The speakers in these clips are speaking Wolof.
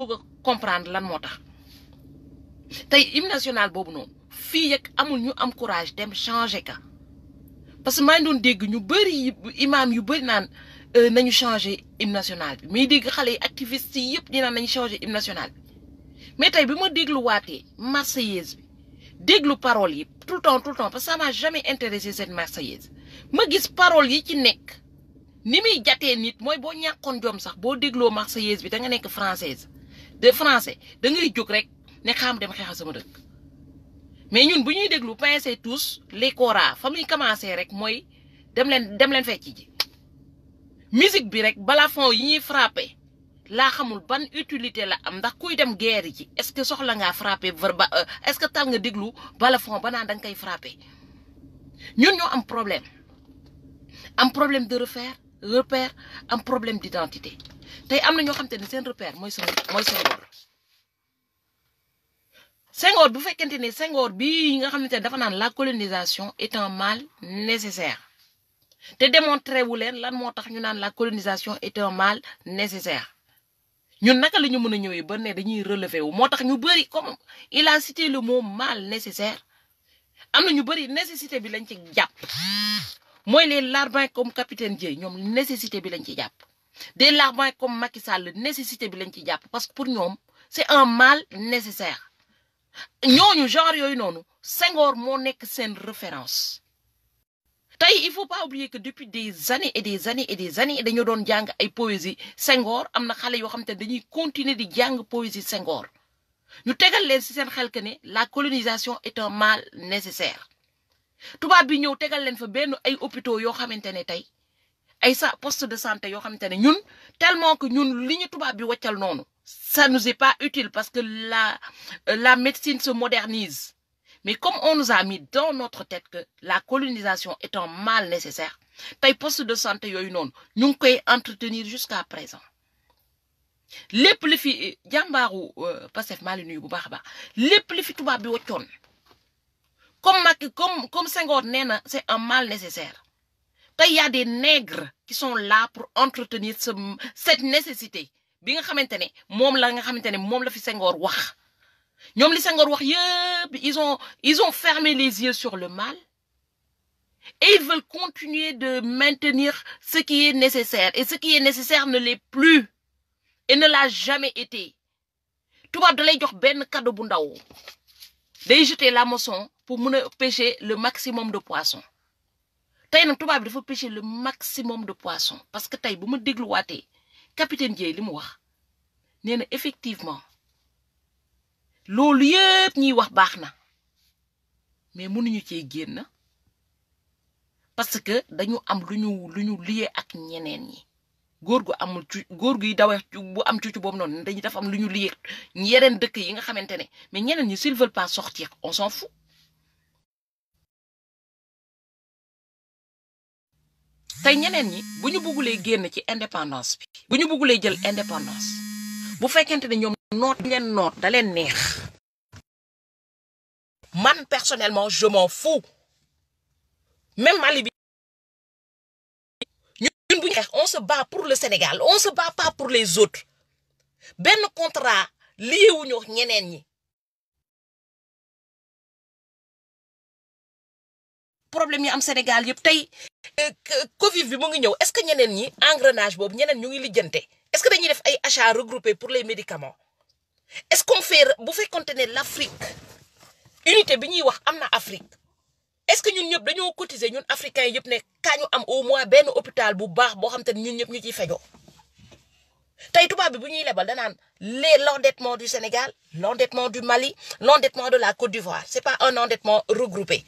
bëgg a comprendre lan moo tax tey hymne national boobu noonu fii yëg amul ñu am courage dem changer ka parce que maa ngi doon dégg ñu bëri imaam yu bëri naan euh, nañu changer hymne national bi mais dégg xale yi activiste yi yëpp di nañu changer hymne national bi mais tey bi ma déglu waatee marseillaise bi déglu parole yi tout le temps tout le temps parce que ça m'a jamais intéressé cette marseillaise ma gis parole yi ci nekk ni muy jatee nit mooy boo ñàkkoon jom sax boo dégloo marseillaise bi da nga nekk française de français da ngay jóg rek ne xaam dem xeexal sama dëkk mais ñun bu ñuy déglu pincé tous les cora fa muy rek mooy dem leen dem leen fecc ji musique bi rek bala fond yi ñuy frappé laa xamul ban utilité la am ndax kuy dem guerre ji est-ce que soxla ngaa frappé ba euh, est-ce que tal nga déglu bala fond ba naan da nga koy frappé ñun ñoo am problème am problème de refaire repère am problème d'identité tey am na ñoo xam te ne seen repère mooy seen mooy Senghor Senghor bu fekkente ne Senghor bii nga xamante ne dafa naan la colonisation est un mal nécessaire te démontré wu leen lan moo tax ñu naan la colonisation est un mal nécessaire ñun naka la ñu mën a ñëwee ba ne dañuy relever wu moo tax ñu bëri comme il a cité le mot mal nécessaire am na ñu bëri nécessité bi lañ ci jàpp mooy les larbins comme capitaine Dièye ñoom nécessité bi lañ ci jàpp. des larbins comme Macky Sall nécessité bi lañ ci jàpp parce que pour ñoom c'est un mal nécessaire ñooñu genre yooyu noonu Senghor moo nekk seen référence tey il faut pas oublier que depuis des années et des années et des années dañoo doon jàng ay poésie Senghor am na xale yoo xam te dañuy continuer di jàng poésie Senghor ñu tegal leen si seen xel que ne la colonisation est un mal nécessaire tubaab bi ñëw tegal leen fa benn ay hôpitaux yoo xamante ne tey ay sa poste de santé yoo xamante ne ñun tellement que ñun li ñu tubaab bi wàccal noonu ça nous est pas utile parce que la euh, la médecine se modernise mais comme on nous a mis dans notre tête que la colonisation est un mal nécessaire tey poste de santé yooyu noonu ñu ngi koy entretenir jusqu'à présent lépp li fi jàmbaaru euh, Pastef maa ngi nuyu bu baax a baax lépp li fi tubaab bi wàccoon comme Macky comme comme Senghor nee na c'est un mal nécessaire te y a des nègres qui sont là pour entretenir ce cette nécessité bi nga xamante ne moom la nga xamante ne moom la fi Senghor wax ñoom li Senghor wax yëpp ils ont ils ont fermé les yeux sur le mal et ils veulent continuer de maintenir ce qui est nécessaire et ce qui est nécessaire ne l'est plus et ne l'a jamais été tubaab da lay jox benn cadeau bu ndaw day jeter l'hameçon pour mun a pêcher le maximum de poissons tey nag tubaab bi dafa pêcher le maximum de poisson parce que tey bu ma dégluwaatee capitaine Dièye li mu wax nee na effectivement loolu yëpp ñuy wax baax na mais mënuñu cee génn parce que dañu am lu ñu lu ñu lié ak ñeneen ñi góor gu amul cu góor guy dawe bu am cucu boobu noonu dañuy def am lu ñu lié yeneen dëkk yi nga xamante ne mais ñeneen ñi s'ils veulent pas sortir on s'en fout tey ñeneen ñi bu ñu bëggulee génn ci indépendance bi bu ñu bëggulee jël indépendance bu fekkente ne ñoom noot leen noot da neex man personnellement je m'en fous même Mali bi ñun pour le Sénégal on se pas pour les autres benn contrat lié wu ñu ñeneen ñi problème yi am Sénégal yëpp tey Euh, Covid bi mu ngi ñëw est-ce que ñeneen ñi engrenage boobu ñeneen ñu ngi lijjante est-ce que dañuy def ay achats regroupés pour les médicaments est-ce qu'on fait bu fekkonte ne l'Afrique unité bi ñuy wax am na Afrique est-ce que ñun ñëpp dañoo cotiser ñun africains yëpp ne kaa ñu am au moins benn hôpital bu baax boo xam te ne ñun ñëpp ñu ciy fejoo tey tubaab bi bu ñuy lebal danaan les l'endettement du Sénégal l'endettement du Mali l'endettement de la Côte d'Ivoire c'est pas un endettement regroupé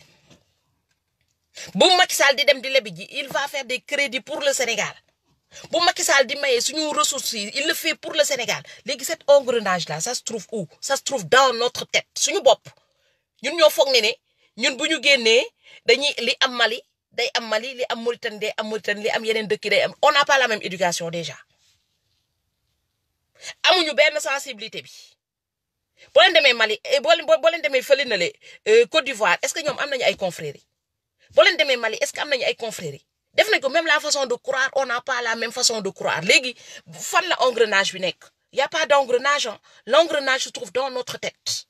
bu Macky Sall di dem di lebi ji il va faire des crédits pour le Sénégal bu Macky di maye suñu ressources yi il le fait pour le Sénégal léegi cet engrenage là ça se trouve où ça se trouve dans notre tête suñu bopp ñun ñoo foog ne ne ñun bu ñu génnee dañuy li am Mali day am Mali li am Mauritanie day am Mauritanie li am yeneen dëkk day am on n'a pas la même éducation déjà amuñu benn sensibilité bi boo leen demee Mali eh, boo leen boo leen demee fële na le euh, Côte d'Ivoire est que ñoom am nañu ay confréries boo leen demee Mali est-ce que am nañu ay confrères yi def nañ ko même la façon de croire on n'a pas la même façon de croire léegi fan la engrenage bi nekk y a pas d'engrenage ah l'engrenage se trouve dans notre tête.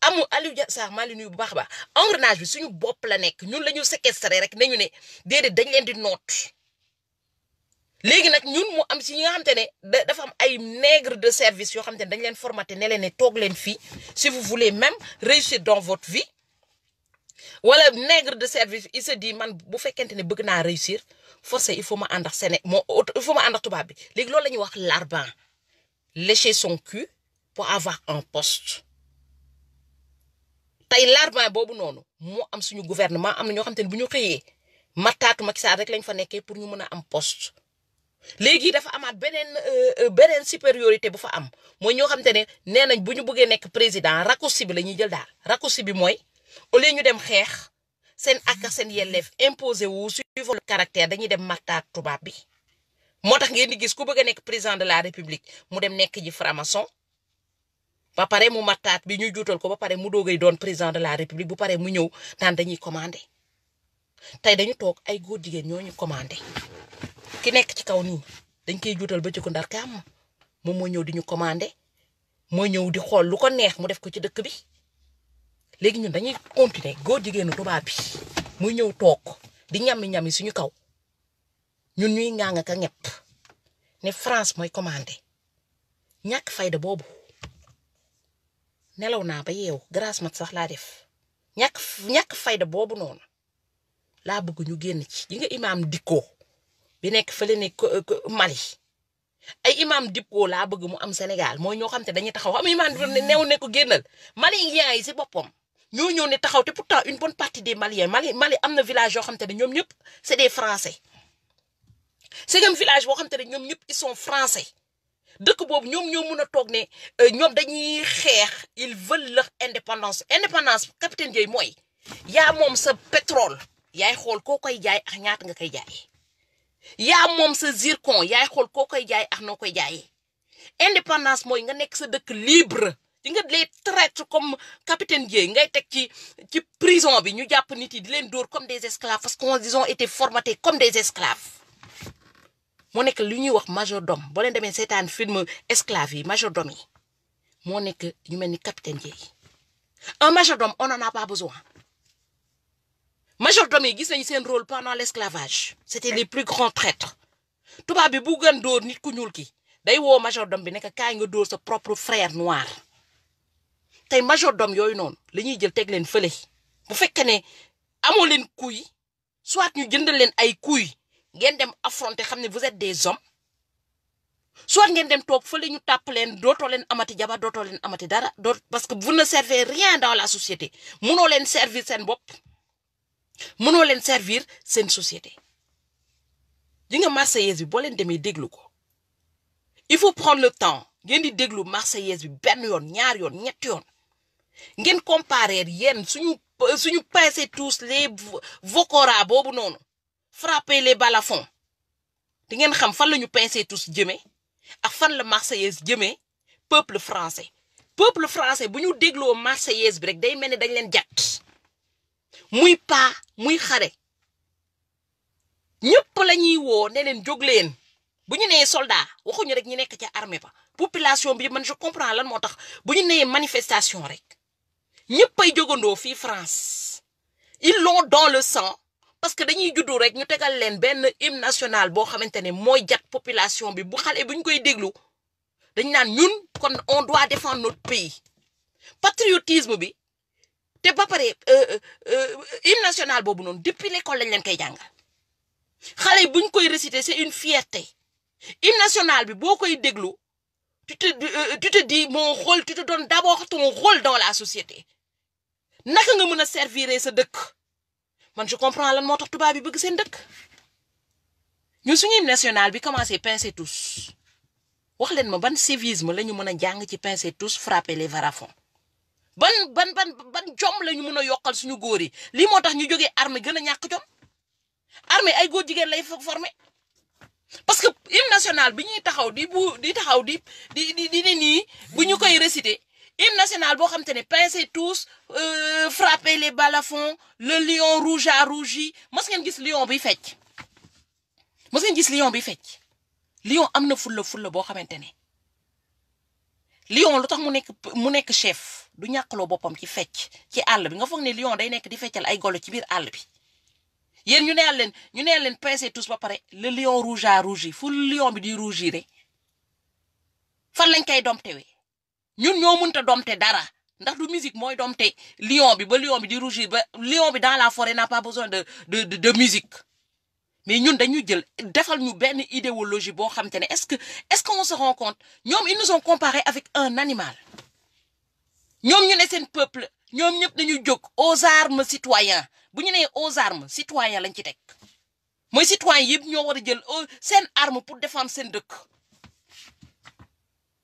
amul Aliou sax maa ngi nuyu bu baax engrenage bi suñu bopp la nekk ñun la ñu séquestré rek nañu ne déedéet dañ leen di noot léegi nag ñun mu am si ñi nga xam ne dafa am ay nègre de service yoo xam te ne dañ leen formaté ne leen ne toog leen fii si vous même réussir dans votre vie wala negre de service il se dit man bu fekkente ne bëgg naa réussir forcé il faut ma ànd ak Séné moo il faut ma ànd ak tubaab bi léegi loolu la ñuy wax l'argent lécher son cul pour avoir un poste tey l'argent boobu noonu moo am suñu gouvernement am na ñoo xam te ne bu ñu xëyee mattaatu Macky Sall rek lañ fa nekkee pour ñu mën a am poste léegi dafa amaat beneen euh, euh, beneen supériorité bu fa am mooy ñoo xam te ne nee nañ bu ñu bëggee nekk président raccourci bi la ñuy jël daal raccourci bi mooy. au lieu ñu dem xeex seen aka seen yelleef imposé wu suivant le dañuy dem martaat tubaab bi moo tax ngeen di gis ku bëgg a nekk président de la république mu dem nekk ji franc-maçon ba pare mu mataat bi ñu juutal ko ba pare mu doogay doon président de la république bu pare mu ñëw naan dañuy commandé tey dañu toog ay góor jigéen ñoo ñu commandé ki nekk ci kaw ni dañ koy juutal ba ci ko kaam moom moo ñëw di ñu commandé moo ñëw di xool lu ko neex mu def ko ci dëkk bi léegi ñun dañuy continuer góor jigéenu tubaab bi muy ñëw toog di ñami ñami suñu kaw ñun ñuy ŋaanga ka ñepp ne France mooy commandé ñàkk fayda boobu nelaw naa ba yeewu grâce mat sax laa def ñàkk fayda boobu noonu laa bëgg ñu génn ci yi nga imaam dikko bi nekk fële ne Mali ay imaam dikko laa bëgg mu am Sénégal mooy ñoo xam te dañuy taxaw am imaam dikko ne néew ne ko génnal Mali yi si boppam. ñoo ñëw ne taxaw te pourtant une bonne partie des Maliens Mali Mali am na village yoo xam te ne ñoom ñëpp c'est des français segam village boo xam te ne ñoom ñëpp ils sont français dëkk boobu ñoom ñoo mun a toog ne euh, ñoom dañuy xeex ils veulent leur indépendance indépendance capitaine Dieye mooy yaa moom sa pétrole yaay xool koo koy jaay ak ñaata nga koy jaayee yaa moom sa zircon yaay xool koo koy jaay ak noo koy jaayee indépendance mooy nga nekk sa dëkk libre di nga les traîtres comme capitaine Dièye ngay teg ci ci prison bi ñu jàpp nit yi di leen dóor comme des esclaves parce qu'ils ont été formatés comme des esclaves moo nekk li ñuy wax majordome boo leen demee seetaan film esclaves yi majordome yi moo nekk ñu mel ni capitaine Dièye un majordome on en a pas besoin majordome yi gis nañu seen rôle pendant l'esclavage c'était les plus grands traîtres tubaab bi bu gën dóor nit ku ñuul ki day woo majordome bi nekk kaay nga door sa propre frère noir tey majordome yooyu noonu la ñuy jël teg leen fële bu fekkee ne amoo leen kuy soit ñu jëndal leen ay kuy ngeen dem affronter xam ne vous êtes des hommes soit ngeen dem toog fële ñu tàpp leen dootoo leen amati jabar dootoo leen amati dara doot parce que vous ne servez rien dans la société mënoo leen servir seen bopp mënoo leen servir seen société li nga marseillaise bi boo leen demee déglu ko il faut prendre le temps ngeen di déglu marseillaise bi benn yoon ñaar yoon ñetti yoon ngeen comparer yéen suñu suñu pincez tous les vocora boobu noonu frappez les balafons di ngeen xam fan la ñu pincez tous jëmee ak fan la marseillaise jëmee peuple français. peuple français bu ñu dégloo marseillaise bi rek day mel ni dañ leen jàtt muy paa muy xare ñëpp la ñuy woo ne leen jóg leen bu ñu nee soldat waxuñu rek ñu nekk ca armée ba population bi man je comprends lan moo tax bu ñu nee manifestation rek. ñëpp ay jógandoo fii France ils l'ont dans le sang parce que dañuy juddu rek ñu tegal leen benn hymne national boo xamante ne mooy jat population bi bu xale bu ñu koy déglu dañ naan ñun kon on doit défendre notre pays patriotisme bi te ba pare euh, euh, euh, hymne national boobu noonu depuis l'école lañ leen koy jàngal xale yi buñ koy réciter c'est une fierté hymne nationale bi boo koy déglu tu te euh, euh, tu te dis mon rôle tu te donnes d'abord ton rôle dans la société naka nga mën a servir sa dëkk man je comprends lan moo tax tubaab bi bëgg seen dëkk ñu suñuy national bi commencé pincer tous wax leen ma ban civisme la ñu mën a jàng ci pincer tous frapper les varafons ban ban ban ban jom la ñu mën a yokkal suñu góor yi lii moo tax ñu jógee armée gën a ñàkk jom armée ay góor jigéen lay former parce que hymne national bi ñuy taxaw di bu di taxaw di di di di ni nii bu ñu koy réciter hymne national boo xam te ne pincez tous euh, frappez les balafons le lion rouge a rougi mos ngeen gis lion bi fecc mos ngeen gis lion bi fecc lion am na fulla fulla boo xamante ne lion lu tax mu nekk mu nekk chef du ñàkkaloo boppam ci fecc ci àll bi nga foog ne lion day nekk di feccal ay golo ci biir àll bi yéen ñu neel leen ñu neel leen pincez tous ba pare le lion rouge a rougi lion bi di rougir fan lañ koy domtewee ñun ñoo mënta domte dara ndax du musique mooy domte lion bi ba lion bi di rougir ba lion bi dans la forêt n'a pas besoin de de de, de musique mais ñun dañu jël defal ñu benn idéologie boo xam ne est-ce que est-ce qu'on se rend compte ñoom ils nous ont comparé avec un animal ñoom ñu ne seen peuple ñoom ñëpp dañu jóg aux armes citoyens bu ñu nee aux armes citoyen lañ ci teg mooy citoyen yëpp ñoo war a jël euh, seen arme pour défendre seen dëkk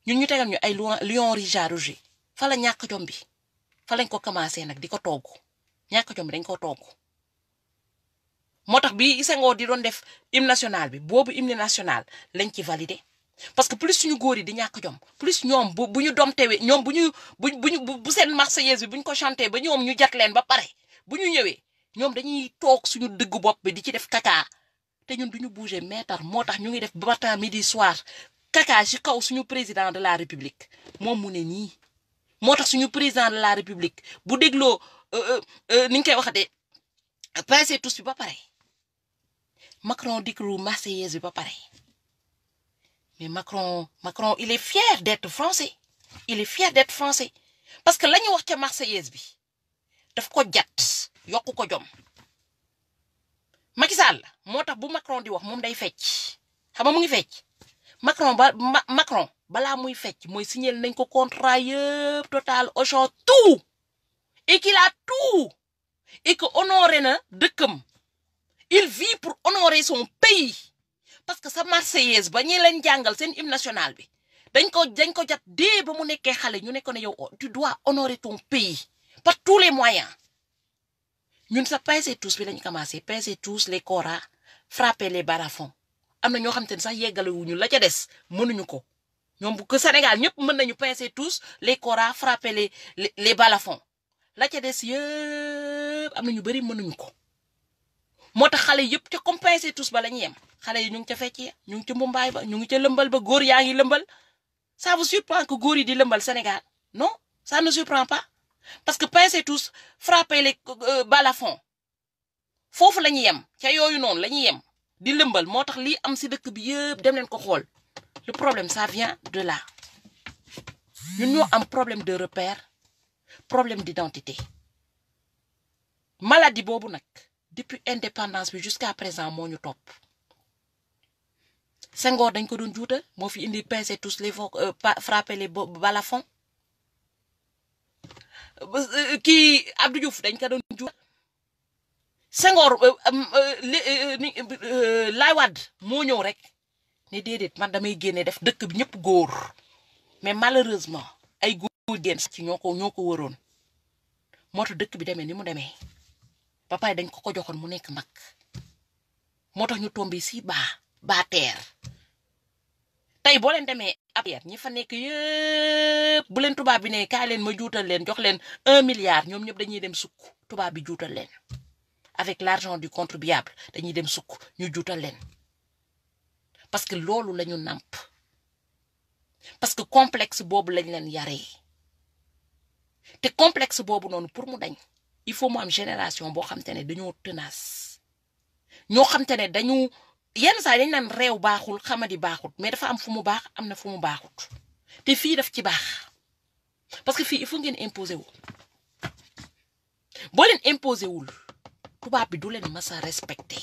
ñun ñu tegal ñu ay lion Richard Rouget fa la ñàkk jom bi fa lañ ko commencé nag di ko togg ñàkk jom bi dañ ko togg moo tax bi Senghor di doon def hymne national bi boobu hymne national lañ ci validé parce que plus suñu góor yi di ñàkk jom plus ñoom bu bu ñu domtewee ñoom bu ñu bu bu bu seen marseillaise bi bu ñu ko chanté ba ñoom ñu jat leen ba pare bu ñu ñëwee ñoom dañuy toog suñu diggu bopp bi di ci def kaka te ñun duñu bouger mètre moo tax ñu ngi def matin midi soir kaka ci kaw suñu président de la république moom mu ne nii moo tax suñu président de la république bu dégloo euh, euh, euh, ni ñu koy waxatee pincé tous bi ba pare Macron diklu marseillaise bi ba pare mais Macron Macron il est fier d'être français il est fier d'être français parce que la ñu wax ca marseillaise bi def ko jat yokku ko jom Macky Sall moo tax bu Macron di wax moom day fecc xam nga mu ngi fecc Macron ba Macron balaa muy fecc mooy signé nañ ko contrat yëpp total Auchan tout et qu'il a tout na dëkkam il vit pour honorer son pays parce que sa marseillaise ba ñi leen jàngal seen hymne national bi dañ ko dañ ko jat dee ba mu nekkee xale ñu ne ko ne yow tu dois honorer ton pays par tous les moyens ñun sax pincer tous bi lañ commencé pincer tous les cora frapper les balafons am na ñoo xamante ne sax yeggale wuñu la ca des mënuñu ko ñoom bu Sénégal ñëpp mën nañu pincer tous les cora frapper les les les balafons la ca des yëpp am na ñu bëri mënuñu ko. moo tax xale yëpp ca comme pincer tous ba la ñuy yem xale yi ñu ngi ca fecc ñu ngi ca mbumbaay ba ñu ngi ca lëmbal ba góor yaa ngi lëmbal ça vous surprend que góor yi di lëmbal Sénégal non ça ne surprend parce que pincez tous frappez les euh, balafons foofu la ñuy yem ca yooyu noonu la ñuy yem di lëmbal moo tax lii am si dëkk bi yëpp dem leen ko xool le problème ça vient de là ñun am problème de repère problème d'identité maladi boobu nag depuis indépendance bi jusqu'à présent moo ñu topp Senghor dañ ko doon juutal moo fi indi pincez tous les euh, frappez les balafons Euh, kii Abdou Diouf dañ ko doon juutal Senghor euh, euh, Laay Wade moo ñëw rek ne déedéet man damay génne def dëkk bi ñëpp góor mais maleureusement ay góor génn ci ñoo ko ñoo ko waroon moo tax dëkk bi demee ni mu demee ba dañ ko ko joxoon mu nekk mag moo tax ñu tombé si baa baa teer tey boo leen demee ab yeer ñi fa nekk yëpp bu leen tubaab bi ne kaay leen ma juutal leen jox leen un milliard ñoom ñëpp dañuy dem sukk tubaab bi juutal leen avec l'argent du contribuable dañuy dem sukk ñu juutal leen parce que loolu lañu nàmp parce que complexe boobu lañ leen yaree te complexe boobu noonu pour mu dañ il faut mu am génération boo xam te ne dañoo tenace ñoo xam te ne dañu yenn saa dañ naan réew baaxul xamadi baaxut mais dafa am fu mu baax am na fu mu baaxut te fii daf ci baax parce que fii il ngeen imposer wu boo leen imposer wul tubaab bi du leen mës a respecté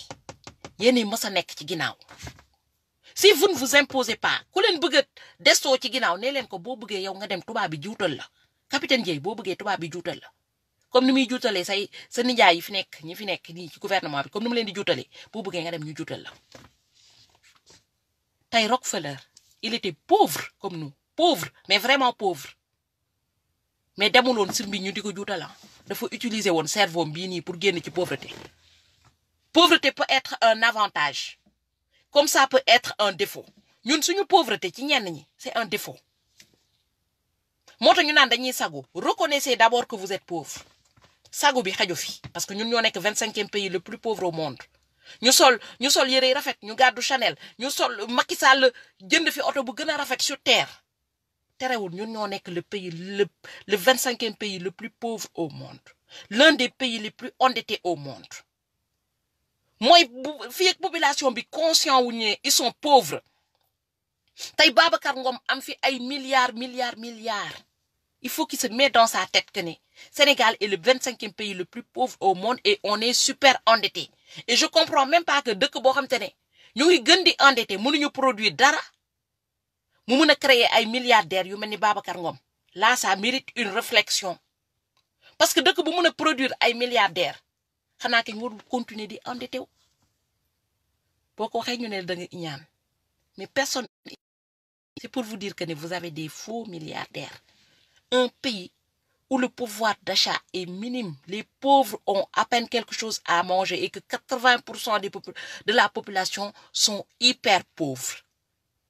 yéenay mës nekk ci ginnaaw si vous ne vous imposez pas ku leen bëgg a destoo ci ginnaaw nee leen ko boo bëggee yow nga dem tubaab bi juutal la capitaine Dieye boo bëggee tubaab bi juutal la comme ni muy juutalee say sa nijaay yi fi nekk ñi fi nekk nii ci gouvernement bi comme ni mu leen di juutalee boo bëggee nga dem ñu juutal la tey Rockefeller il était pauvre comme nu pauvre mais vraiment pauvre mais demul woon sir bi ñu di ko juutala dafa utiliser woon cerveau bii nii pour génn ci pauvreté pauvreté peut être un avantage comme ça peut être un défaut ñun suñu pauvreté ci ñenn ñi c'est un défaut moo tax ñu naan dañuy sagu reconnaissez d'abord que vous êtes sagu bi xaju fi parce que ñun ñoo nekk vingt cinquième pays le plus pauvre au monde ñu sol ñu sol yére rafet ñu gàddu Chanel ñu sol Macky Sall jënd fi oto bu gën a rafet sur terre terewul ñun ñoo nekk le pays le le vingt cinquième pays le plus pauvre au monde l'un des pays les plus endettés au monde mooy fi fii bi conscient wu ñu ils sont pauvres tey Babacar Ngom am fi ay milliards milliards milliards il faut qu'il se mette dans tête que ne Sénégal est le vingt cinquième pays le plus pauvre au monde et on est super endetté et je comprends même pas que dëkk boo xam te ne ñu ngi gën di endetté mënuñu produire dara mu mën a créer ay milliardaires yu mel ni Babacar Ngom là ça mérite une réflexion parce que dëkk bu mën a produire ay milliardaires xanaa kañ warul continuer di endetté wu ko waxee ñu ne da ñaan mais personne c'est pour vous dire que ne vous avez des faux milliardaires un pays où le pouvoir d'achat est minime, les pauvres ont à peine quelque chose à manger et que 80% des de la population sont hyper pauvres.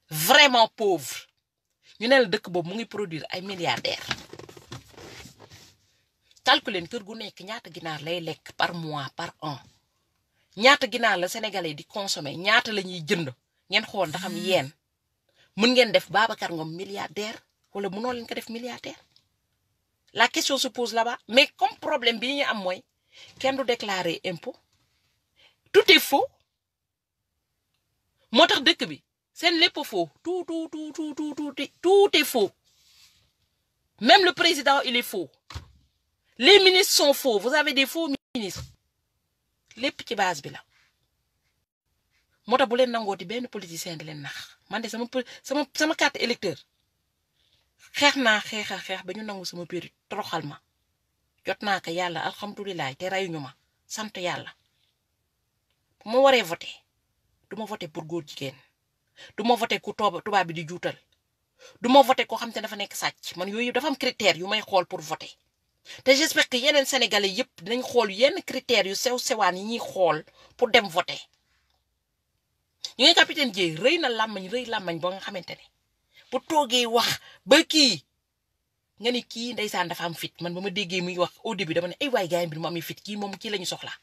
Vraiment pauvres. ñu ne la dëkk boobu mu ngi produire ay milliardaires. calculeen kër gu nekk ñaata ginaar lay lekk par mois par an ñaata ginaar la sénégalais di consommer ñaata la ñuy jënd ngeen xool ndax am yéen mën ngeen def Babacar Ngom milliardaire wala mënoo leen ko def milliardaire. la question se la ba mais comme problème bi ñu am mooy kenn du déclarer impôt tout est faux moo tax dëkk bi seen lépp faux tout tout tout tout tout tout est faux même le président il est faux les ministre sont faux vous avez des faux ministres lépp ci base bi la. moo tax bu leen benn politicien di leen nax man de sama sama sama carte électeur xeex naa xeex a xeex ba ñu nangu sama péri toroxal ma jot naa ko yàlla alhamdulilah te reyuñu ma sant yàlla bu waree voté du ma voté pour góor jigéen du ma voté ku tooba tubaab bi di juutal du ma voté koo xam te dafa nekk sàcc man yooyu dafa am critères yu may xool pour voté te j'espère que yeneen sénégalais yépp dinañ xool yenn critères yu sew sewaan yi ñuy xool pour dem voté ñu ngi capitaine Dièye rëy na làmmañ rëy làmmañ ba nga xamante ne bu toogee wax ba kii nga ni kii ndeysaan dafa am fit man ba ma déggee muy wax au début dama ne ay waay gaayam bi mu amee fit kii moom kii la ñu soxla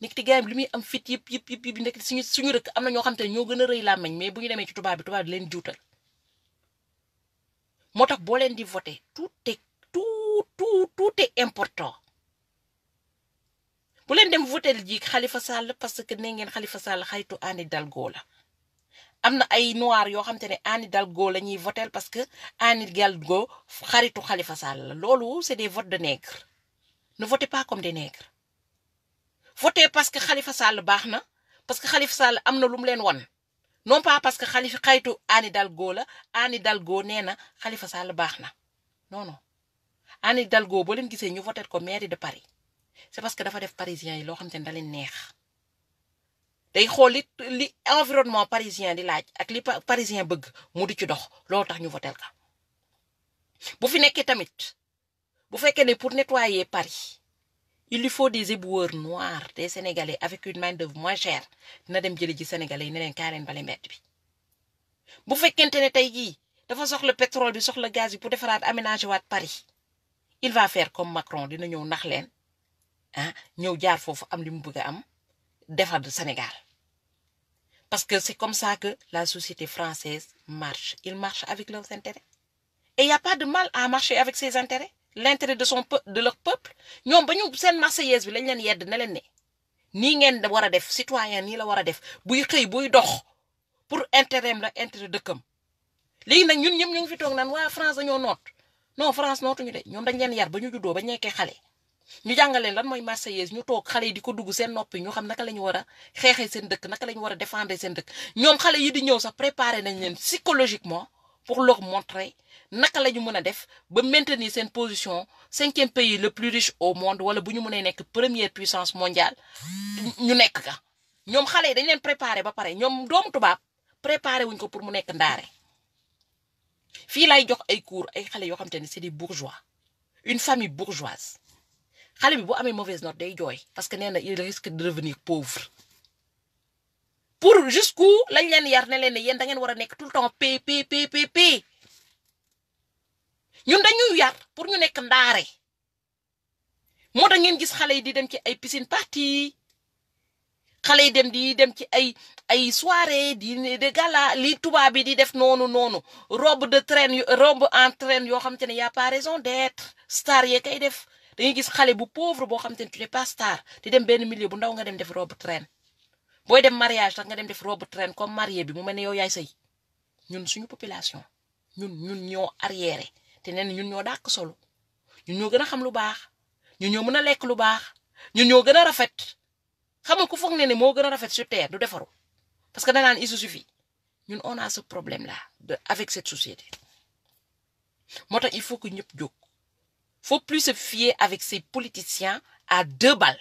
nekkati gaayam bi li muy am fit yëpp yëpp yëpp yëpp nekk suñu suñu rëkk am na ñoo xam te ne ñoo gën a rëy làmmiñ mais bu ñu demee ci tubaab leen juutal tax boo leen di voté tout est tout tout tout est important bu leen dem voté ji Khalifa Sall parce que ne ngeen Khalifa Sall xaytu Anne Hidalgo la am na ay noir yoo xam te ne Anne Hidalgo la ñuy votel parce que Anne Hidalgo xaritu xalifa Sall la loolu c'est des votes de nègres ne votez pas comme des nègres votez parce que Khalifa Sall baax na parce que Khalifa Sall am na lu mu leen won non pas parce que Khalifa xaritu Anne Hidalgo la Anne Hidalgo nee na Khalifa Sall baax na non non Anne Hidalgo boo leen gisee ñu voté ko mairie de Paris c'est parce que dafa def parisien yi loo xam te ne leen neex. day xool li li environnement parisien di laaj ak li parisien bëgg mu di ci dox loo tax ñu votel ka bu fi nekkee tamit bu fekkee ne pour nettoyer Paris il lui faut des éboueurs noirs des sénégalais avec une main d'œuvre moins chère dina dem jëli ji sénégalais yi ne leen kaareen bi bu fekkente ne tey jii dafa soxla pétrole bi soxla gaz bi pour defaraat aménager waat Paris il va faire comme Macron dina ñëw nax leen ah ñëw jaar foofu am li mu bëgg a am defar Sénégal parce que c'est comme ça que la société française marche ils marchent avec leurs intérêts et y pas de mal à marché avec ses intérêts l'intérêt de son peu de leur peuple ñoom ba ñu seen marseillaise bi lañ leen yedd na leen ne nii ngeen war a def citoyen nii la war a def buy xëy buy dox pour intérêt am la intérêt dëkkam léegi nag ñun ñëpp ñu ngi fi toog naan waa France dañoo noot non France nootuñu de ñoom dañ leen yar ba ñu juddoo ba ñu nekkee xale ñu jàngaleen lan mooy marseillaise ñu toog xale yi di ko dugg seen noppi ñu xam naka la ñu war a xeexee seen dëkk naka lañu ñu war a défendre seen dëkk ñoom xale yi di ñëw sax préparer nañ leen psychologiquement pour leur montrer naka la ñu mën a def ba maintenir seen position cinquième pays le plus riche au monde wala bu ñu mënee nekk première puissance mondiale ñu nekk ka ñoom xale yi dañ leen préparer ba pare ñoom doomu tubaab préparer wuñ ko pour mu nekk ndaare fii lay jox ay cours ay xale yoo xam te ne c'est des bourgeois une famille bourgeoise xale bi bu amee mauvaise note day jooy parce que nee na il risque de devenir pauvre pour jusqu'où lañ leen yar ne leen ne yéen da war a nekk tout le temps p p p p p ñun dañuy yar pour ñu nekk ndaare moo tax ngeen gis xale yi di dem ci ay piscine party xale yi dem di dem ci ay ay soirée di de gala li tubaab bi di def noonu noonu robe de traîne robe en traîne yoo xam te ne y a pas raison d'être star yee kay def da ngay gis xale bu pauvre boo xam te ne tu n'es pas star di dem benn milieu bu ndaw nga dem def robe traîne booy dem mariage sax nga dem def robe train comme marié bi mu mel ne yow yaay sëy ñun suñu population ñun ñun ñoo arriéré te nee na ñun ñoo dàq solo ñun ñoo gën a xam lu baax ñun ñoo mën a lekk lu baax ñun ñoo gën a rafet xam nga ku foog ne ne moo gën a rafet sur terre du defaru parce que danaan il suffit ñun on ce problème là de avec moo tax il faut ñëpp jóg. foo plus se fier avec ces politiciens à deux balles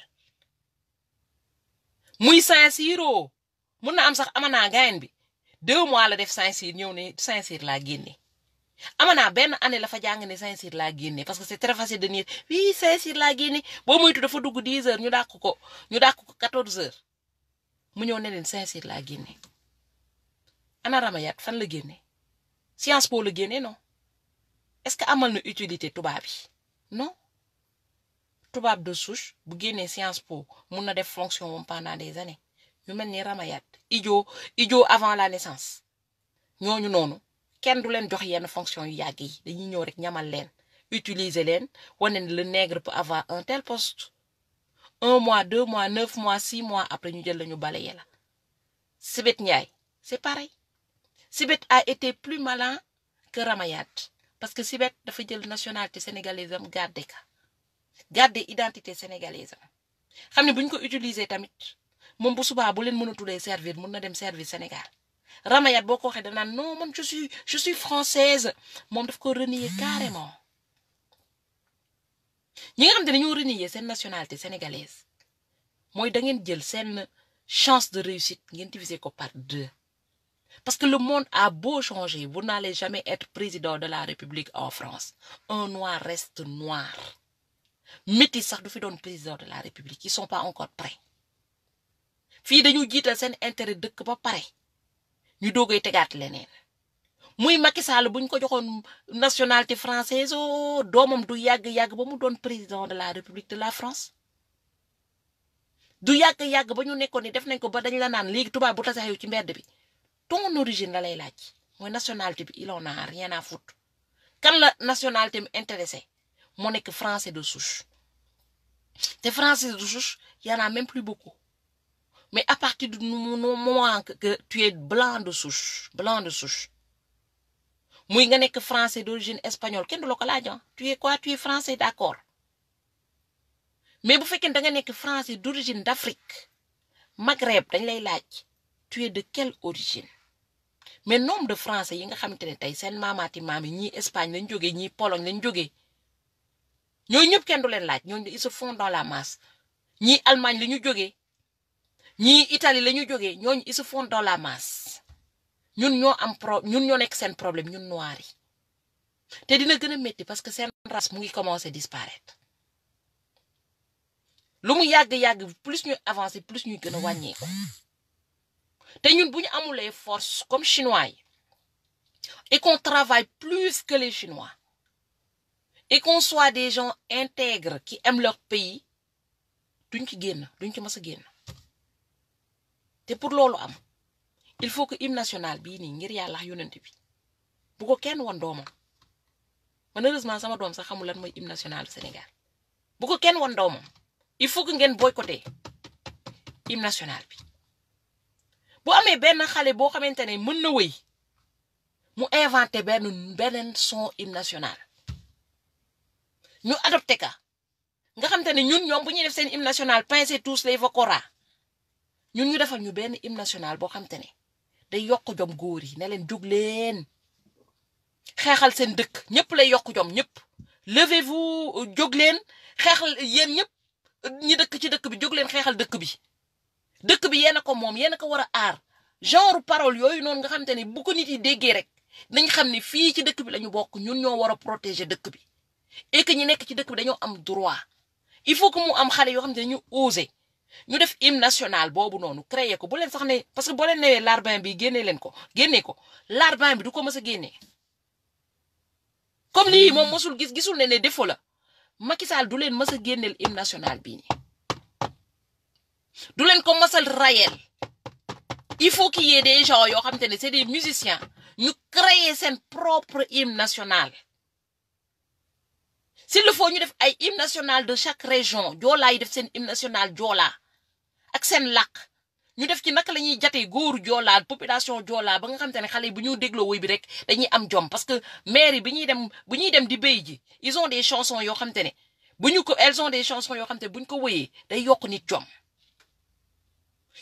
muy Saint-Cyr mun na am sax Amana gayen bi deux mois la def Saint-Cyr ñëw ne Saint-Cyr laa génne Amana benn année la fa jàng ne Saint-Cyr génne parce que c'est très facile de nier oui saint la laa génne boo moytu dafa dugg dix heures ñu dàq ko ñu dàq ko quatorze mu ñëw ne leen Saint-Cyr laa génne ana Ramayat fan la génne Sciences Po la génne non est-ce que amal na utilité tubaab yi non tubaab de souche bu génnee Sciences Po mun na def fonction pendant des années ñu mel ni Ramayat Idio Idio avant la naissance ñooñu noonu kenn du leen jox yenn fonction yu yàgg yi dañuy ñëw rek ñamal leen utiliser leen wane le nègre peut avoir un tel poste un mois deux mois neuf mois six mois après ñu jël la ñu balaye la Sibeth Ndiaye c'est pareil Sibeth a été plus malin que Ramayat parce que Sibeth dafa jël nationalité sénégalaise am garde ka garde identité sénégalaise am xam ne bu ñu ko utiliser tamit moom bu subaa bu leen mënatulee servir mun na dem servir Sénégal Ramayat boo ko waxee danaan non man je suis je suis française moom daf ko renier carrément ñi nga xam te ne dañoo renier seen nationalité sénégalaise mooy da ngeen jël seen chance de réussite ngeen diviser ko par deux. Parce que le monde a beau changer, vous n'allez jamais être président de la République en France. Un noir reste noir. Métis sax du fi doon président de la République ils son pas encore prêts fii dañu jiital seen intérêt dëkk ba pare ñu doogay tegaat leneen muy Macky Sall buñ ko joxoon nationalité française o oh, doomam du yàgg-yàgg ba mu doon président de la République de la France du yàgg-yàgg ba ñu nekkoon ni def nañ ko ba dañ la naan léegi tubaab bu tasaxew ci mbedd bi ton origine la lay laaj mooy nationalité bi il en a rien à foutre kan la nationalité mi intéressé moo nekk français de souche te français de souche y en a même plus beaucoup mais à partir du moment que tu es blanc de souche blanc de souche muy nga nekk français d'origine espagnole kenn du la ko laaj ah. tu es quoi tu es français d'accord mais bu fekkee da nga nekk français d'origine d'Afrique Maghreb dañ lay laaj tu es de quelle origine mais nombre de français yi nga xamante ne tey seen maamaati maam yi ñii Espagne lañ jógee ñii Pologne lañ jógee ñooñu ñëpp kenn du leen laaj ñooñu ils se font dans la masse ñii Allemagne la ñu jógee ñii Italie la ñu jógee ñooñu ils se font dans la masse ñun ñoo am pro ñun ñoo nekk seen problème ñun noir yi te dina gën a métti parce que seen race mu ngi commencer disparaître lu mu yàgg-yàgg plus ñuy avancer plus ñuy gën a wàññeeku. te ñun bu ñu amulee force comme chinois yi et qu'on travaille plus que les chinois et soit des gens intègres qui aiment leur pays duñ ci génn duñ ci mës a génn te pour loolu am il faut que hymne national bii ni ngir yàlla yonent bi bu ko kenn won doomam malheureusement sama doom sax xamul lan mooy hymne national du Sénégal bu ko kenn won doomam il faut que ngeen boycotter hymne national bi boo amee benn xale boo xamante ne mën na wéy mu inventé benn beneen son hymne national ñu adopté ka nga xamante ne ñun ñoom bu ñuy def seen hymne national pincez tous les vocora ñun ñu defal ñu benn hymne national boo xamante ni day yokk jom góor yi ne leen jóg leen xeexal seen dëkk ñëpp lay yokk jom ñëpp levez-vous jóg leen xeexal yéen ñëpp ñi dëkk ci dëkk bi jóg leen xeexal dëkk bi dëkk bi yéen a ko moom yéen a ko war a aar genre parole yooyu noonu nga xam te ne bu ko nit yi déggee rek nañ xam ne fii ci dëkk bi lañu bokk ñun ñoo war a protéger dëkk bi et que ñi ci dëkk bi dañoo am droit il faut que mu am xale yoo xam te ne ñu osé ñu def hymne national boobu noonu créé ko bu leen sax ne parce que boo leen newee larbin bi génnee leen ko génnee ko larbin bi du ko mës a génnee comme lii moom mosul gis gisul ne ne défaut la Macky du leen mës a génneel hymne national bii du leen ko masal rayel il faut qu'il y des gens yoo xam te ne c'est des musiciens ñu créer seen propre hymne national s'il le faut ñu def ay hymne national de chaque région joolaa yi def seen hymne national joolaa ak seen làkk ñu def ci naka la ñuy jatee góoru joolaa population joolaa ba nga xam te ne xale bu ñu dégloo woy bi rek dañuy am jom parce que mairie bi ñuy dem bu ñuy dem di béy ji ils des chansons yoo xam ne bu ñu ko elles ont des chansons yoo xam ne bu ñu ko woyee day yokk nit jom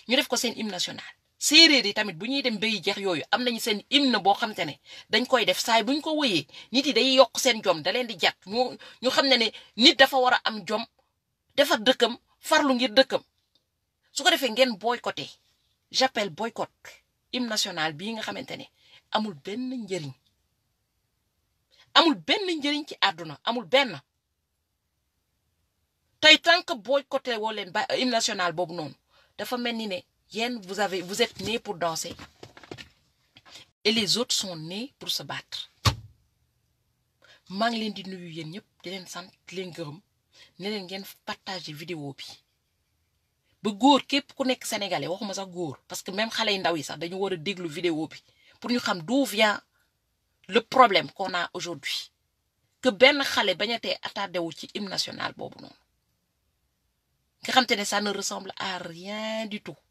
ñu def ko seen hymne national séeréer yi tamit bu ñuy dem béyi jeex yooyu am nañu seen na boo xam te ne dañ koy def saay bu ñu ko wëyee nit yi day yokk seen jom da di jàpp ñu ñu xam ne ne nit dafa war a am jom defar dëkkam farlu ngir dëkkam su ko defee ngeen boycotté j'appelle boycott hymne national bii nga xamante ne amul benn njëriñ amul benn njëriñ ci àdduna amul benn tey tant que boycotté woo leen ba national boobu noonu. dafa mel ni ne yéen vous avez vous êtes nés pour danser et les autres sont nés pour se battre maa ngi leen di nuyu yéen ñëpp di leen sant di leen gërëm ne leen ngeen partager vidéo bi ba góor képp ku nekk sénégalais waxuma sax góor parce que même xale yu ndaw yi sax dañu war a déglu vidéo bi pour ñu xam d'où vient le problème ko a aujourd'hui que benn xale bañatee attardé wu ci hymne national boobu noonu nga xam ne ça ne ressemble à rien du tout